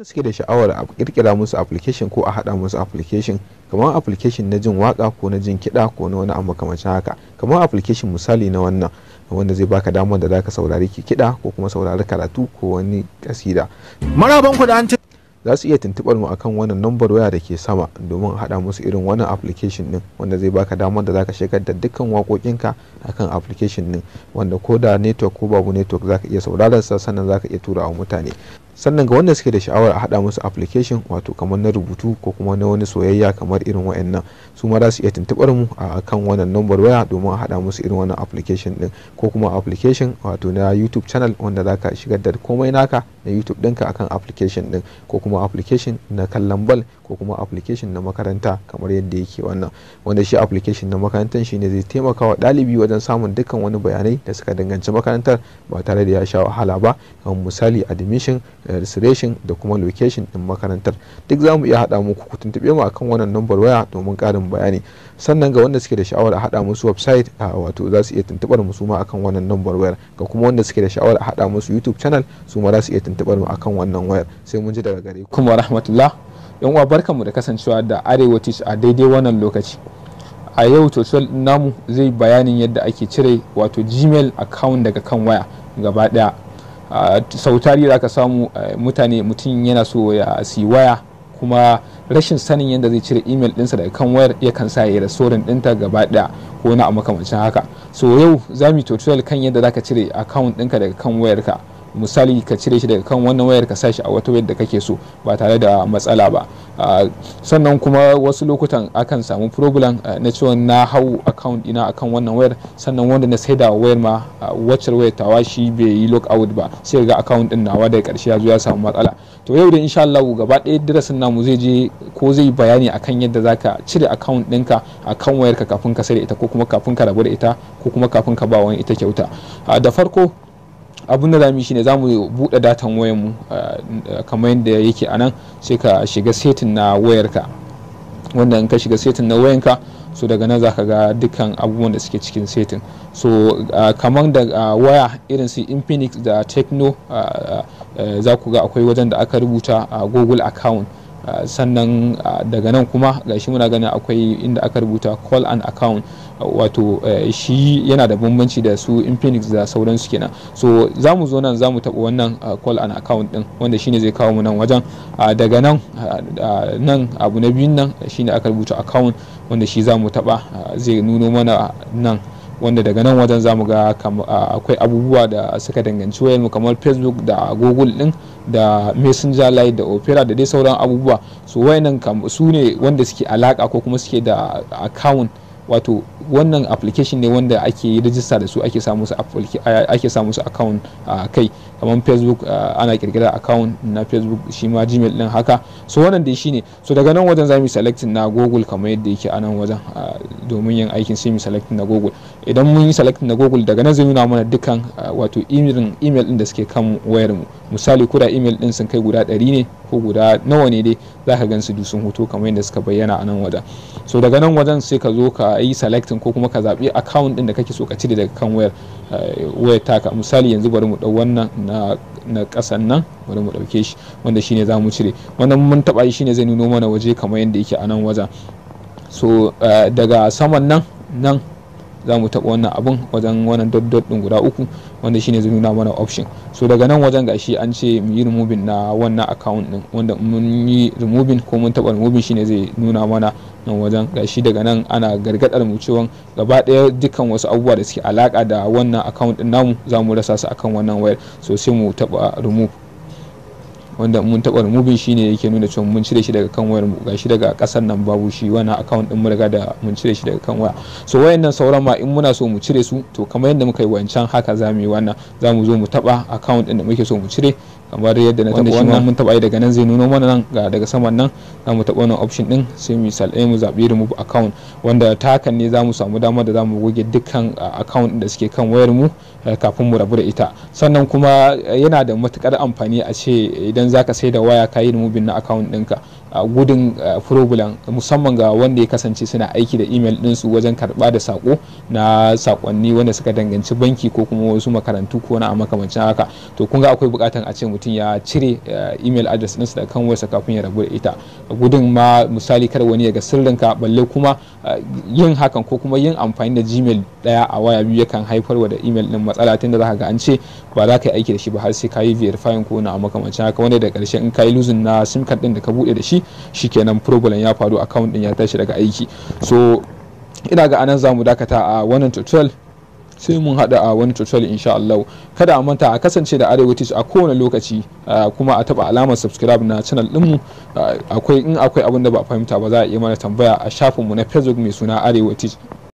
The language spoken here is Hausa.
wanda suke da sha'awar a kirkira musu application ko a haɗa musu application kamar application na jin waka ko na jin kiɗa ko na wani abu kamar haka kamar application misali na wannan wanda zai baka damar da zaka saurari ki kiɗa ko kuma saurari karatu ko wani kasida maraban ku da an za su iya tuntubar mu akan wannan nambar waya da ke sama domin haɗa musu irin wannan application din wanda zai baka damar da zaka shigar da dukkan waƙoƙinka akan application din wanda ko da network ko babu network zaka iya sauraron sa sannan zaka iya tura wa mutane sannan ga wanda suke da sha'awar a hada musu application wato kamar na rubutu ko kuma na wani soyayya kamar irin wa'annan su ma za su iya tuntubar mu a kan wannan number waya domin a hada musu irin wannan application din ko kuma application wato na youtube channel wanda za ka shigar da komai naka na youtube ɗinka akan application din ko kuma application na kallon bal ko kuma application na makaranta kamar yadda yake wannan wanda shi application na makarantar shine zai taimaka wa ɗalibi wajen samun dukkan wani bayanai da suka danganci makarantar ba tare da ya sha wahala ba kamar misali admission Eh, registration da kuma location din makarantar duk zamu iya haɗa muku ku tuntuɓe mu akan wannan nambar waya domin karin bayani sannan ga wanda suke da sha'awar a haɗa musu website a wato za su iya tuntuɓar mu su ma akan wannan nambar wayar ga kuma wanda suke da sha'awar a haɗa musu youtube channel su ma za su iya tuntuɓar mu akan wannan wayar sai mun ji daga gare ku kuma rahmatullah yan uwa barkanmu da kasancewa da arewa teach a daidai wannan lokaci a yau tutorial namu zai bayanin yadda ake cire wato gmail account daga kan waya gaba daya sau tari za ka samu eh, mutane mutum yana so ya si waya kuma rashin sanin yadda zai cire imel ɗinsa daga kan wayar yakan sa ya restorin ɗinta gaba ɗaya ko na a makamancin haka so yau za mu yi tutorial kan yadda zaka cire account ɗinka daga kan wayarka misali ka cire shi daga kan wannan wayar ka shi a wata wayar da kake so ba tare da matsala ba sannan kuma wasu lokutan akan samu problem na cewa na hau account ina akan wannan wayar sannan wanda na saida wayar ma wacce wayar tawa shi bai yi lock out ba sai ga account din nawa daga karshe ya zo ya samu matsala to yau da insha Allah gaba ɗaya darasin namu zai je ko zai bayani akan yadda zaka cire account ɗinka akan ka kafin ka sai da ita ko kuma kafin ka rabu da ita ko kuma kafin ka ba wani ita kyauta da farko abun da za mu ne shine za mu buɗe datan wayar mu kamar yadda yake a nan sai ka shiga setin na wayarka wanda in ka shiga setin na wayanka so daga nan zaka ga dukkan abubuwan da suke cikin setin so kamar da waya irin su infinix da techno za ku ga akwai wajen da aka rubuta google account Ah, sannan ah, daga nan kuma shi muna ganin akwai inda aka rubuta call an account ah, wato eh, shi yana da bambanci da su infinix da sauransu kenan so za mu zo nan za mu taɓa wannan call an account din wanda shine zai kawo mu nan wajen daga nan nan abu na biyun nan shine aka rubuta account wanda shi za mu taɓa zai nuno mana nan wanda daga nan wajen zamu ga akwai abubuwa da suka danganci wayanmu kamar facebook da google din da messenger live da opera da dai sauran abubuwa su wayanan su ne wanda suke alaka ko kuma suke da account wato wannan application ne wanda ake yi da su ake samu su ake samu su account a kai kamar facebook ana kirkira account na facebook shi ma gmail din haka so wannan dai shine so daga nan wajen zamu selecting na google kamar yadda yake a nan wajen domin yin aikin sai mu selecting na google idan mun yi selecting na google daga nan zai nuna mana dukkan wato email din da suke kan wayar mu misali kuda da email din sun kai guda ɗari ne ko guda nawa ne dai za ka gan su du hoto kamar yadda suka bayyana a nan wajen so daga nan wajen sai ka zo ka yi selectin ko kuma ka zaɓi account din da kake so ka cire daga kan wayar eh, wayar taka misali yanzu bari mu dau wannan na na ƙasan nan bari mu ɗauke shi wanda shine za mu cire wannan mun taɓa shi shine zai nuno mana waje kamar yadda yake a nan wajen so eh, daga saman nan nan za mu taɓa wannan abun wajen wannan dot guda uku wanda shine zai nuna mana option so daga nan wajen gashi an ce mu yi removing na wannan account din wanda mun yi removing ko mun taɓa removing shine zai nuna mana nan wajen gashi daga nan ana gargadar mu cewa gaba ɗaya dukkan wasu abubuwa da suke alaka da wannan account ɗin namu za mu rasa su akan wannan wayar so sai mu taɓa remove wanda mun taɓa bin shi ne yake nuna cewa mun cire shi daga kan wayar mu gashi daga ƙasar nan babu shi wani account din mu riga da mun cire shi daga kan waya so wayannan sauran ma in muna so mu cire su to kamar yadda muka yi wancan haka za mu yi wannan za mu zo mu taɓa account din da muke so mu cire kamar yadda na taɓa wannan mun taɓa daga nan zai nuno mana nan ga daga saman nan za mu taɓa wannan option din sai mu salɗe eh, mu zaɓi remove account wanda ta hakan ne za mu samu damar da za mu goge dukkan account da suke kan wayar mu eh, kafin mu rabu da ita sannan kuma eh, yana da matukar amfani a ce idan za ka sai da waya ka yi da mubin na account ɗinka gudun furobulan musamman ga wanda ya kasance suna aiki da imel ɗinsu wajen karba da sako na sakonni wanda suka danganci banki ko kuma wasu makarantu ko na makamancin haka to kun ga akwai bukatan a ce mutum ya cire eh, imel adres ɗinsu da kan wasa kafin ya rabu da ita gudun ma misali kar wani ya ga sirrinka balle kuma eh, yin hakan ko kuma yin amfani da gmail ɗaya a waya biyu yakan haifarwa da imel ɗin matsala tunda za ka ga an ce ba za ka yi aiki da shi ba har sai ka yi verifying ko na makamancin haka wanda da ƙarshe in ka yi losing na sim card ɗin da ka buɗe da shi shi shikenan problem ya faru account din ya tashi daga aiki so ina ga anan zamu dakata a wannan tutorial sai mun hada a wani tutorial insha Allah kada a manta a kasance da Arewacin a kowane lokaci kuma a taba alamar subscribe na channel dinmu akwai in akwai abin da ba fahimta ba za a iya mana tambaya a shafinmu na Facebook mai suna Arewacin